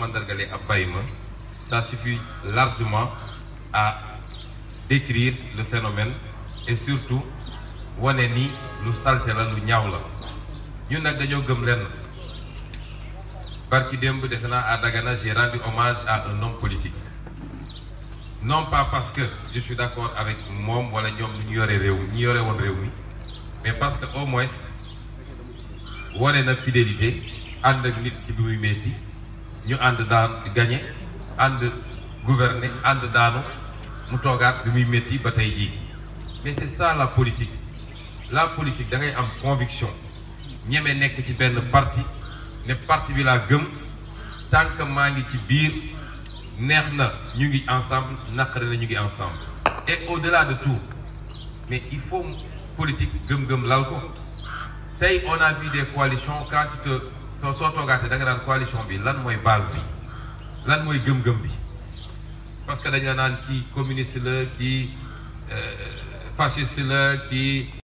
mandargalee abayma ça suffit largement à décrire le phénomène et surtout wane ni lu salté la lu ñaaw la ñun nak dañu gëm lén barki demb defe à Dagana j'ai rendu hommage à un homme politique non pas parce que je suis d'accord avec mom wala ñom ñu yoré réew ñi yoré won mi mais parce que au moins wane na fidélité and ak nit ki bi muy ñu ànd daan gagné ànd gouverner and daanu mu toogaat bi muy metti ba tay ji mais c'est ça la politique la politique da ngay am conviction Nous nek ci benn parti ne parti bi la gëm tant que maa ngi ci biir neexna ñu ngi ensemble nous na ñu ngi ensemble. et au-delà de tout mais il faut politique gëm-gëm lal ko tay on a vu des coalitions quand tu te donc, soit on da dans la coalition bi lan moy base bi lan moy gëm parce que dañu qui kii communistes, ki euh fascistes